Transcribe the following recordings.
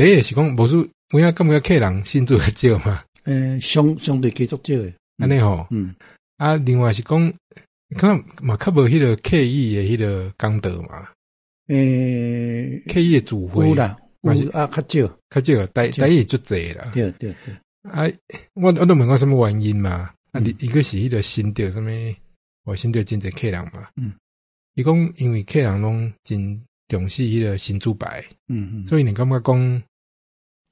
誒，第一是講無事，我啱咁個客人信主較少嘛？誒、欸，相相對會較少。安尼吼，嗯，嗯啊，另外是講可能嘛較無迄個刻意嘅迄個講道嘛？誒、欸，刻意聚會啦，啊，較少較少，台台語的足濟啦。對，對對，啊，我我都問看什麼原因嘛？啊，你一、嗯、個是迄個新調，什物，我新調真濟客人嘛？嗯，伊講因為客人攏真重視迄個神主牌，嗯嗯，所以你感覺講。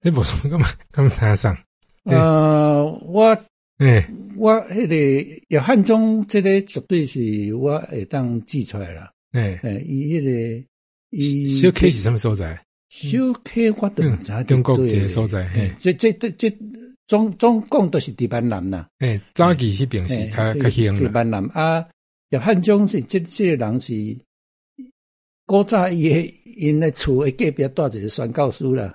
你冇錯噶嘛？咁坦誠。誒、呃，我誒，欸、我迄、那個葉漢中，即個絕對是我會當記出來啦。誒誒、欸，迄、欸那個伊小溪是什麼所在？小溪我 s 毋知影中國一個所在。誒，即即即總總共都是地班男啦。誒、欸，早期迄邊是、欸是，欸、是，佢佢行地班男啊。葉漢中是即即人是古早，因為處隔壁帶住啲宣教書啦。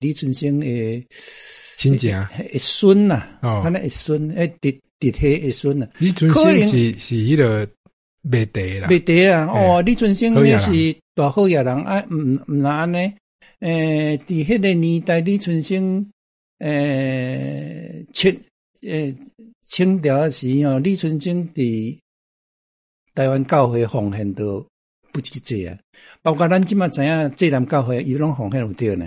李春生的親家，一孫正啊，哦，他那一孫誒，嫡嫡系一孫啊，李存興能是是迄落沒得的啦，沒得啊！哦，李春生那是大后也人啊，唔唔難呢。誒，佇迄個年代，李存興誒清誒清朝時哦，李春生佇台灣教會奉獻都不止這啊，包括咱即滿知影濟南教會伊攏奉獻唔着呢。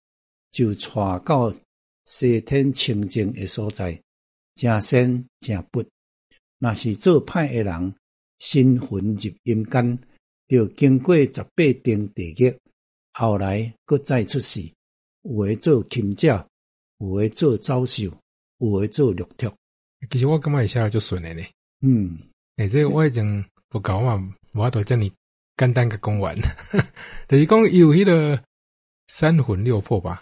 就帶到西天清淨嘅所在，成神成佛，若是做歹嘅人身魂入陰間，要經過十八層地獄，後來擱再出世，有嘅做貧家，有嘅做走獸，有嘅做六畜。其實我感覺一下就順了呢。嗯，哎、欸，這個我已經無夠嘛，我都叫你簡單嘅講完。 就是講有迄個三魂六魄吧。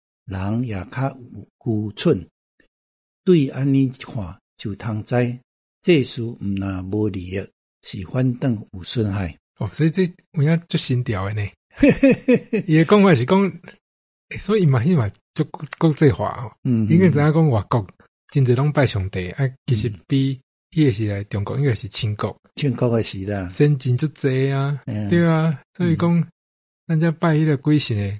人也較有骨寸，對安尼話就通在，這事唔難無利益，是反等有損害。哦，所以這我要做新調嘅呢。 也講話是講，所以嘛、喔，起碼做國際化哦。嗯，因為怎樣講，外國真濟攏拜上帝，啊、其實比個時代中國應該是清國，清國嘅時代先進就濟啊，對啊，所以講、嗯、拜個鬼神誒。